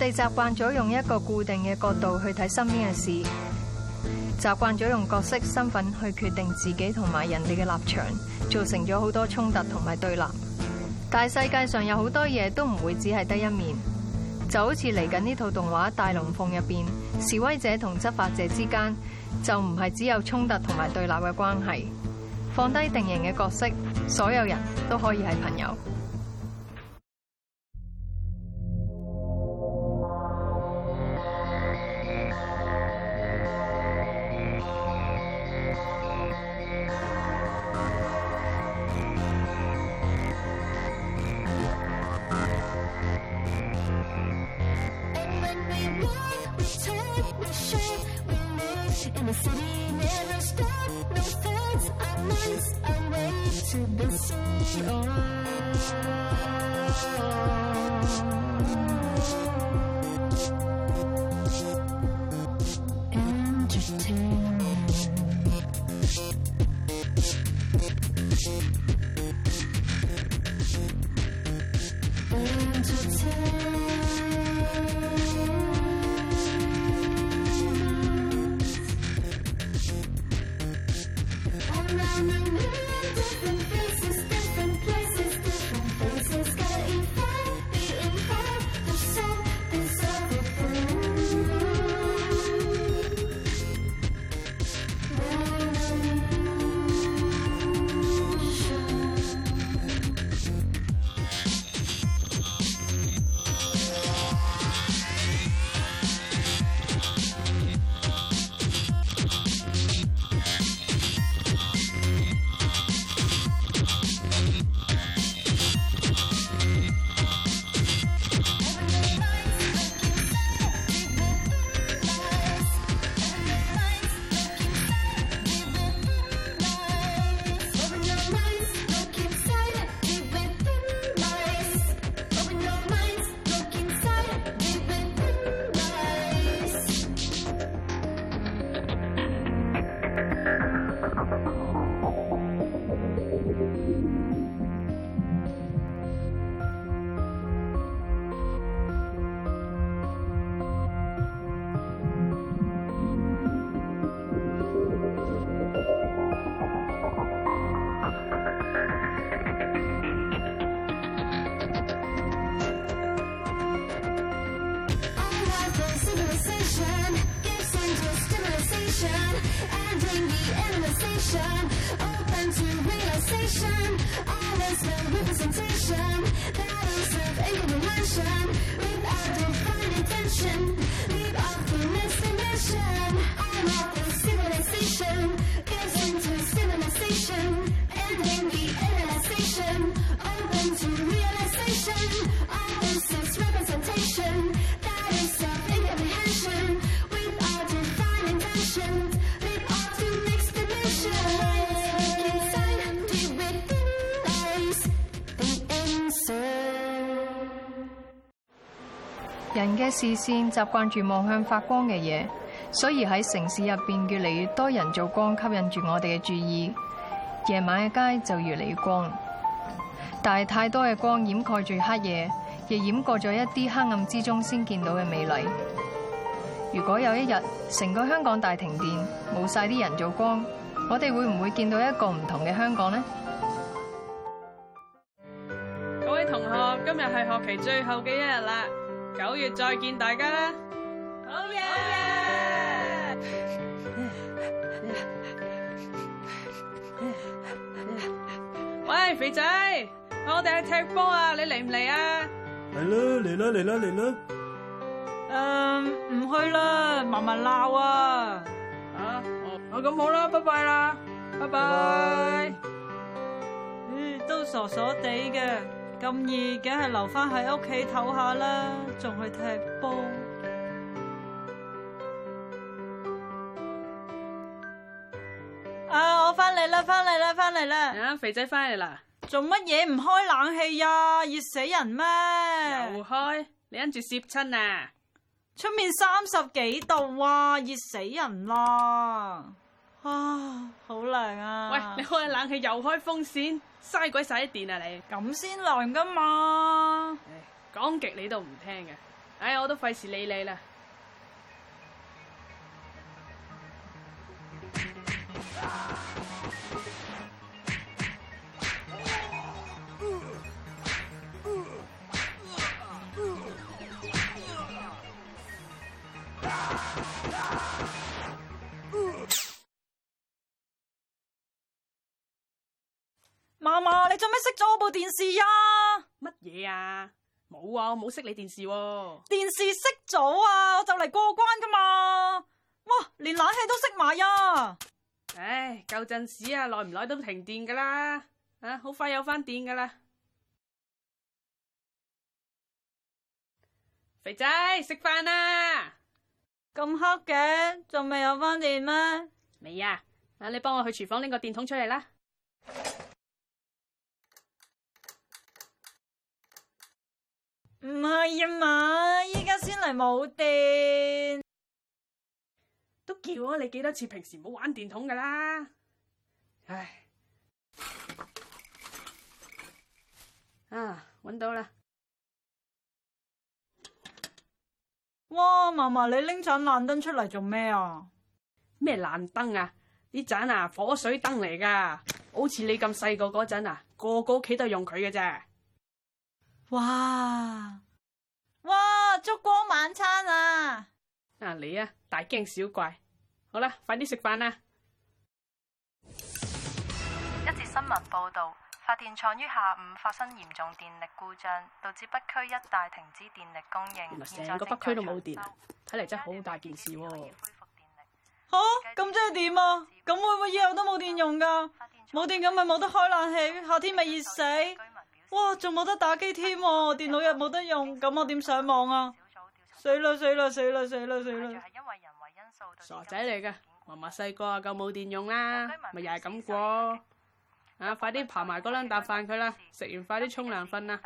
我哋習慣咗用一個固定嘅角度去睇身邊嘅事，習慣咗用角色身份去決定自己同埋人哋嘅立場，造成咗好多衝突同埋對立。但係世界上有好多嘢都唔會只係得一面，就好似嚟緊呢套動畫《大龍鳳》入邊，示威者同執法者之間就唔係只有衝突同埋對立嘅關係。放低定型嘅角色，所有人都可以係朋友。人嘅視線習慣住望向發光嘅嘢，所以喺城市入邊越嚟越多人造光吸引住我哋嘅注意。夜晚嘅街就越嚟越光，但係太多嘅光掩蓋住黑夜，亦掩蓋咗一啲黑暗之中先見到嘅美麗。如果有一日成個香港大停電，冇晒啲人造光，我哋會唔會見到一個唔同嘅香港呢？各位同學，今日係學期最後嘅一日啦。九月再見大家啦！好嘢！好嘢！喂，肥仔，我哋去踢波啊，你嚟唔嚟啊？嚟啦，嚟啦，嚟啦，嚟啦！嗯，唔去啦，慢慢鬧啊！啊，哦，咁好啦，拜拜啦，拜拜！拜拜，嗯，都傻傻地嘅。咁熱，梗係留翻喺屋企唞下啦，仲去踢波？啊！我翻嚟啦，翻嚟啦，翻嚟啦！啊，肥仔翻嚟啦！做乜嘢唔開冷氣呀、啊？熱死人咩？又開？你諗住攝親啊？出面三十幾度啊，熱死人啦！啊，好涼啊！喂，你開冷氣，又開風扇。嘥鬼曬電啊！你咁先涼噶嘛？講極、哎、你都唔聽嘅，唉、哎，我都費事理你啦。 啊租部電視啊，乜嘢啊？冇啊，我冇熄你電視喎，啊。電視熄咗啊，我就嚟過關噶嘛。哇，連冷氣都熄埋啊！唉，哎，舊陣時啊，耐唔耐都停電噶啦。啊，好快有翻電噶啦。肥仔，食飯啊！咁黑嘅，仲未有翻電咩？未呀，啊，你幫我去廚房拎個電筒出嚟啦。唔係啊嘛，依家先嚟冇電，都叫咗你幾多次，平時唔好玩電筒噶啦。唉，啊，揾到啦！哇，嫲嫲，你拎盞爛燈出嚟做咩啊？咩爛燈啊？呢盞啊，火水燈嚟噶，好似你咁細個嗰陣啊，個個屋企都係用佢嘅啫。哇哇燭光晚餐啊！嗱、啊、你啊大驚小怪，好啦，快啲食飯啦！一節新聞報道，發電廠於下午發生嚴重電力故障，導致北區一帶停止電力供應，成個北區都冇電，睇嚟真係好大件事喎！吓咁即係點啊？咁、啊啊、會唔會以後都冇電用噶？冇電咁咪冇得開冷氣，夏天咪熱死？哇，仲冇得打機添，電腦又冇得用，咁我點上網啊？死啦死啦死啦死啦死啦！傻仔嚟㗎，媽媽細個啊，夠冇電用啦，咪又係咁過。啊，快啲爬埋嗰兩啖飯佢啦，食完快啲沖涼瞓啦。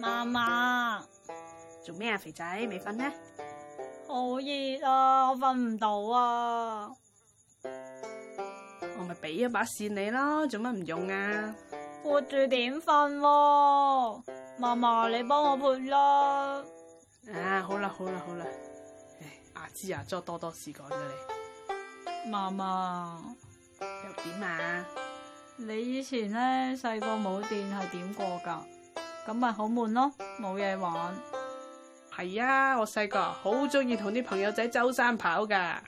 媽媽。做咩啊，肥仔未瞓咩？呢好熱啊，我瞓唔到啊！我咪俾一把扇你啦，做乜唔用啊？活住點瞓？媽媽你幫我撥啦。啊，好啦好啦好啦。唉，阿芝媽啊，再多多事講噶你。媽媽又點啊？你以前咧細個冇電係點過噶？咁咪好悶咯，冇嘢玩。係啊，我細個好中意同啲朋友仔周山跑噶，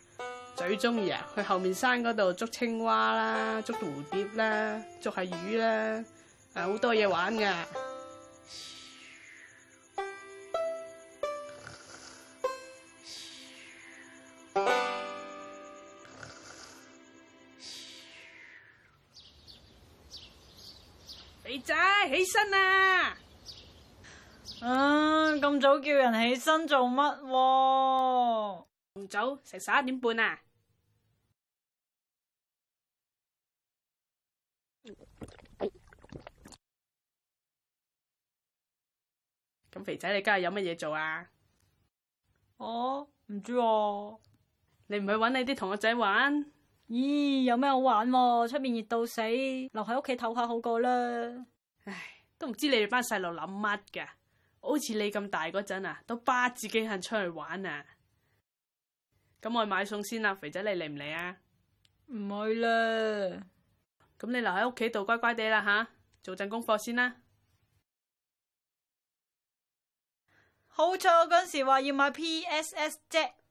最中意啊！去後面山嗰度捉青蛙啦，捉蝴蝶啦，捉下魚啦，誒好多嘢玩噶。肥仔起身啊！啊！咁早叫人起身做乜啊？唔早成十一點半啊！咁、嗯、肥仔，你今日有乜嘢做啊？哦，唔知喎，啊，你唔去搵你啲同學仔玩？咦、欸，有咩好玩喎，啊？出面熱到死，留喺屋企唞下好過啦。唉，都唔知你哋班細路諗乜㗎。好似你咁大嗰陣啊，都巴自己肯出去玩啊！咁我去買餸先啦，肥仔你嚟唔嚟啊？唔去啦！咁你留喺屋企度乖乖哋啦吓，做陣功課先啦。好彩我嗰時話要買 P.S.S 啫。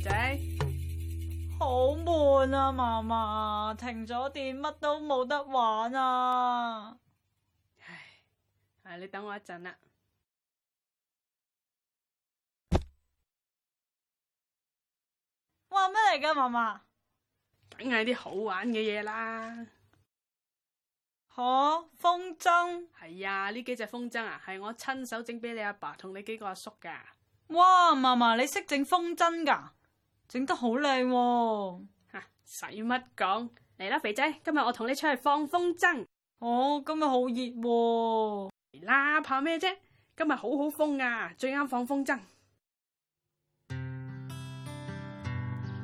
仔好悶啊，嫲嫲停咗電，乜都冇得玩啊！唉，你等我一陣啦。哇、啊！乜嚟噶，嫲嫲？梗係啲好玩嘅嘢啦。可風箏？係啊，呢幾隻風箏啊，係我親手整俾你阿爸同你幾個阿叔噶。哇！嫲嫲，你識整風箏噶？整得好靚喎！吓、啊，使乜講？嚟啦，肥仔，今日我同你出去放風箏。哦，今日好熱喎！嚟啦、啊，怕咩啫？今日好好風啊，最啱放風箏。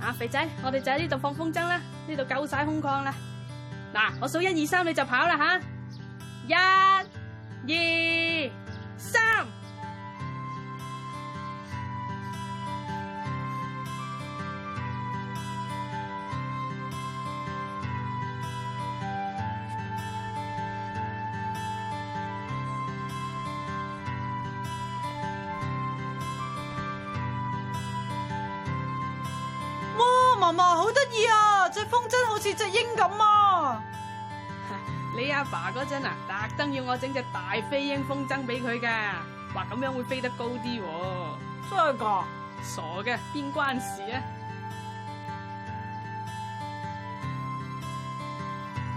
啊，肥仔，我哋就喺呢度放風箏啦，呢度夠晒空曠啦。嗱、啊，我數一二三，你就跑啦吓！一、二、三。嘛、啊，好得意啊！隻風箏好似隻鷹咁啊！ 你阿爸嗰陣啊，特登要我整隻大飛鷹風箏俾佢噶，話咁樣會飛得高啲、啊。真係噶？傻嘅，邊關事啊？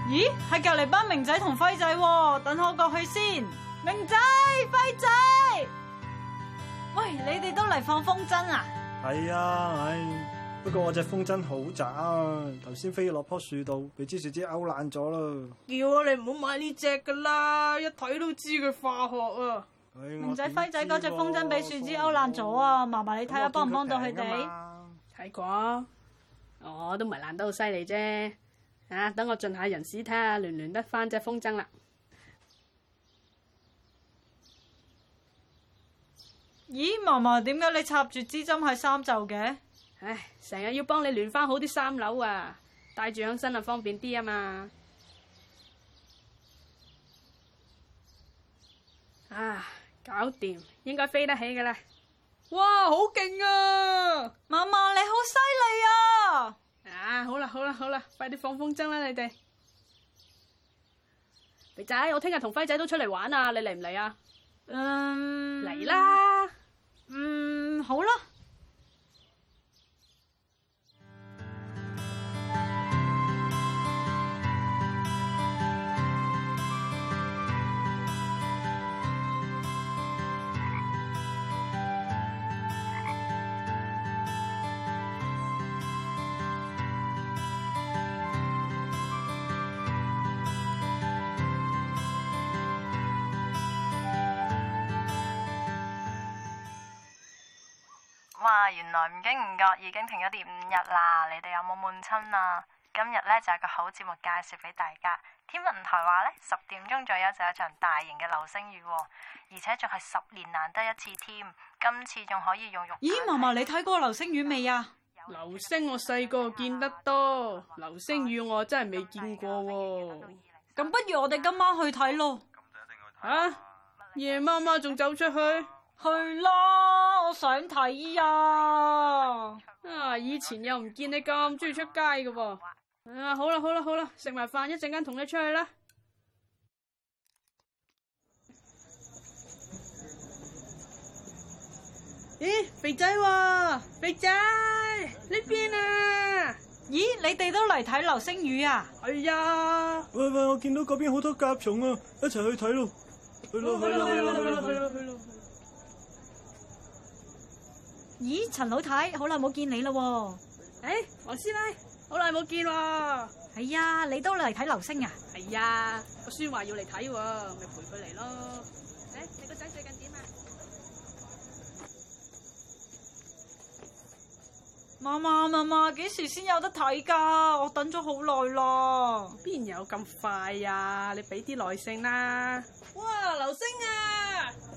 咦，喺隔籬班明仔同輝仔、啊，等我過去先。明仔，輝仔，喂，你哋都嚟放風箏啊？係啊，係。不過我隻風箏好渣，啊，頭先飛落棵樹度，俾支樹枝勾爛咗啦。叫你唔好買呢隻噶啦，一睇都知佢化學啊。明仔輝仔嗰隻風箏俾樹枝勾爛咗啊！嫲嫲你睇下幫唔幫到佢哋？睇啩？我都唔係爛得好犀利啫。吓，等我盡下人事睇下，聯聯得翻隻風箏啦。咦，嫲嫲點解你插住支針喺衫袖嘅？唉，成日要幫你亂翻好啲三樓啊，帶住喺身啊，方便啲啊嘛。啊，搞掂，應該飛得起噶啦。哇，好勁啊！嫲嫲你好犀利啊！啊，好啦好啦好啦，快啲放風箏啦你哋。肥仔，我聽日同輝仔都出嚟玩啊，你嚟唔嚟啊？嗯、um，嚟啦了。嗯，好啦。原來唔經唔覺已經停咗電五日啦，你哋有冇悶親啊？今日呢，就有個好節目介紹俾大家。天文台話呢，十點鐘左右就有一場大型嘅流星雨，而且仲係十年難得一次添。今次仲可以用肉眼，咦，嫲嫲你睇過流星雨未啊？流星我細個見得多，流星雨我真係未見過。咁不如我哋今晚去睇咯。吓、啊，夜媽媽仲走出去？去啦！我想睇呀、啊！啊，以前又唔見你咁中意出街噶噃、啊！啊，好啦好啦好啦，食埋飯一陣間同你出去啦。咦、欸，肥仔喎、啊，肥仔呢邊啊？咦，你哋都嚟睇流星雨啊？係呀、啊。喂喂，我見到嗰邊好多甲蟲啊，一齊去睇咯。去咯去咯去咯去咯去咯去咯！咦，陳老太，好耐冇見你咯！誒，黃師奶，好耐冇見喎。係啊，哎哎、你都嚟睇流星啊？係、哎、啊，個孫話要嚟睇喎，咪陪佢嚟咯。誒、哎，你個仔最近點啊？嫲嫲，嫲嫲，幾時先有得睇噶我等咗好耐啦。邊有咁快啊？你俾啲耐性啦、啊。哇，流星啊！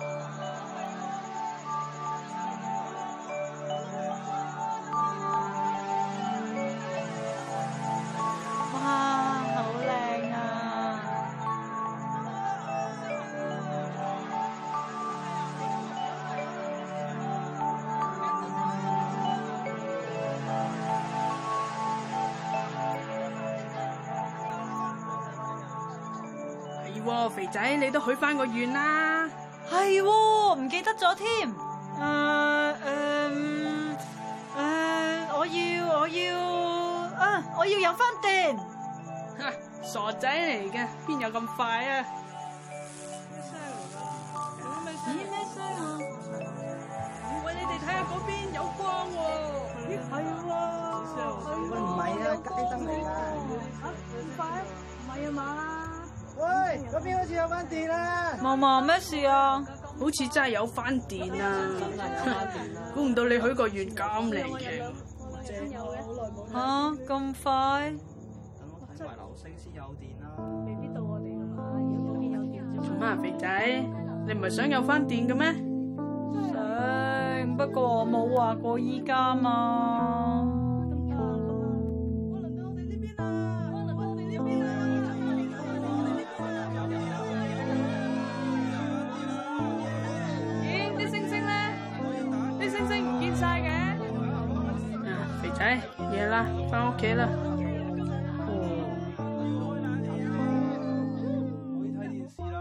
仔，你都許翻個願啦，係唔記得咗添？誒誒誒，我要我要啊，我要有翻電。傻仔嚟嘅，邊有咁快啊？咩聲嚟啊？咁咩聲啊？喂，你哋睇下嗰邊有光喎。係啊，唔係啊，街燈嚟噶。啊，咁快，唔係啊嘛。喂，嗰邊好似有翻電啊！望望咩事啊？好似、哎、真係有翻電啊！估唔到你許個願咁嚟嘅，先有嘅。吓，咁快？等我睇埋流星先有電啦！未必到我哋㗎嘛。如果嗰邊有電，做乜啊肥仔？你唔係想有翻電嘅咩？想，不過我冇話過依家嘛。翻屋企啦！哦，去睇電視啦！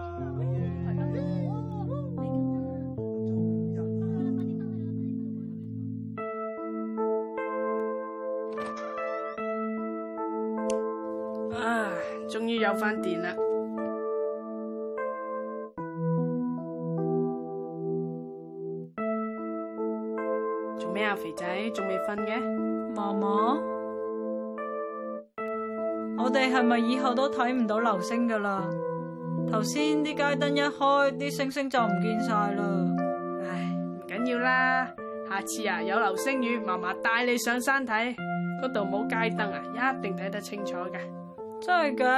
啊，終於有翻電啦！做咩啊，肥仔？仲未瞓嘅？嫲嫲，我哋係咪以後都睇唔到流星噶啦？頭先啲街燈一開，啲星星就唔見晒啦。唉，唔緊要啦，下次啊有流星雨，嫲嫲帶你上山睇，嗰度冇街燈啊，一定睇得清楚嘅。真係的嘅？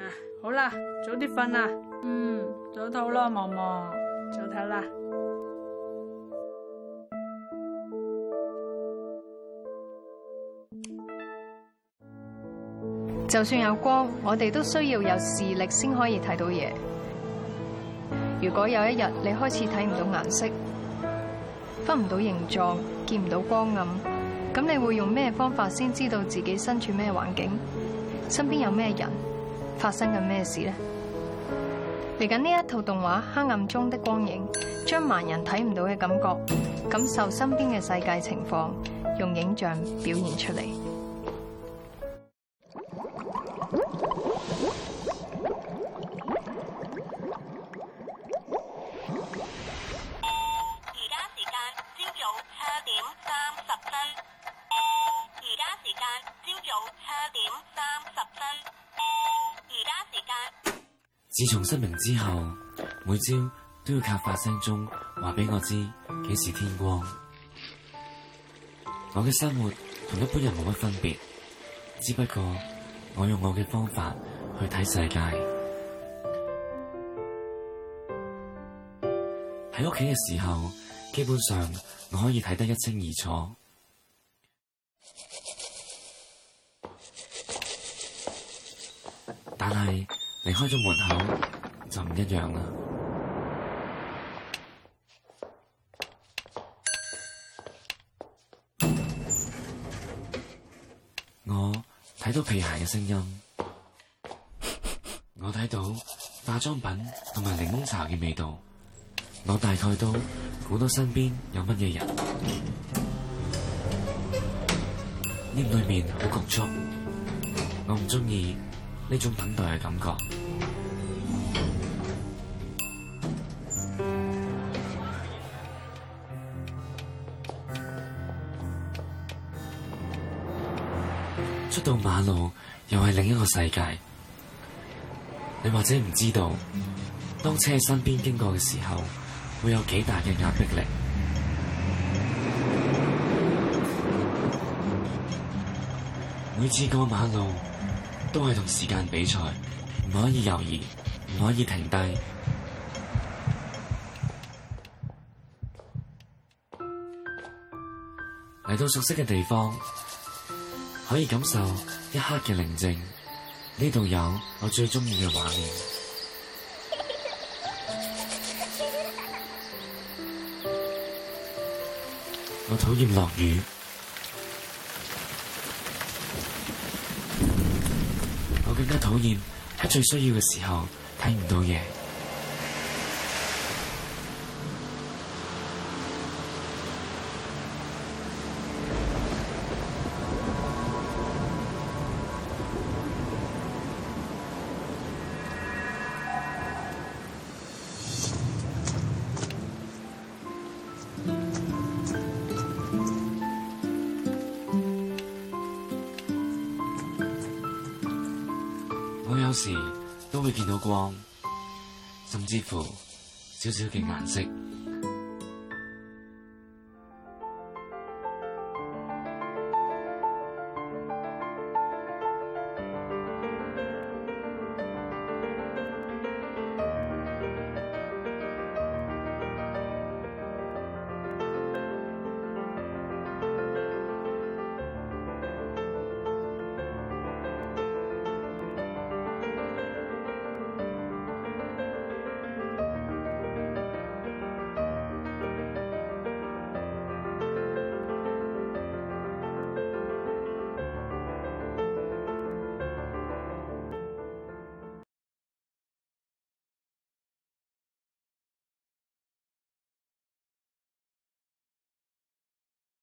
啊，好啦，早啲瞓啦。嗯，早唞啦，嫲嫲，早唞啦。就算有光，我哋都需要有視力先可以睇到嘢。如果有一日你開始睇唔到顏色，分唔到形狀，見唔到光暗，咁你會用咩方法先知道自己身處咩環境，身邊有咩人，發生緊咩事呢？嚟緊呢一套動畫《黑暗中的光影》，將盲人睇唔到嘅感覺，感受身邊嘅世界情況，用影像表現出嚟。自從失明之後，每朝都要靠發聲鐘話俾我知幾時天光。我嘅生活同一般人冇乜分別，只不過我用我嘅方法去睇世界。喺屋企嘅時候，基本上我可以睇得一清二楚，但係，離開咗門口就唔一樣啦。我睇到皮鞋嘅聲音，我睇到化妝品同埋檸檬茶嘅味道，我大概都估到身邊有乜嘢人。呢 裏面好局促，我唔中意。呢種等待嘅感覺，出到馬路又係另一個世界。你或者唔知道，當車喺身邊經過嘅時候，會有幾大嘅壓迫力。每次過馬路，都係同時間比賽，唔可以猶豫，唔可以停低。嚟到熟悉嘅地方，可以感受一刻嘅寧靜。呢度有我最中意嘅畫面。我討厭落雨。討厭喺最需要嘅時候睇唔到嘢。光，甚至乎少少嘅顏色。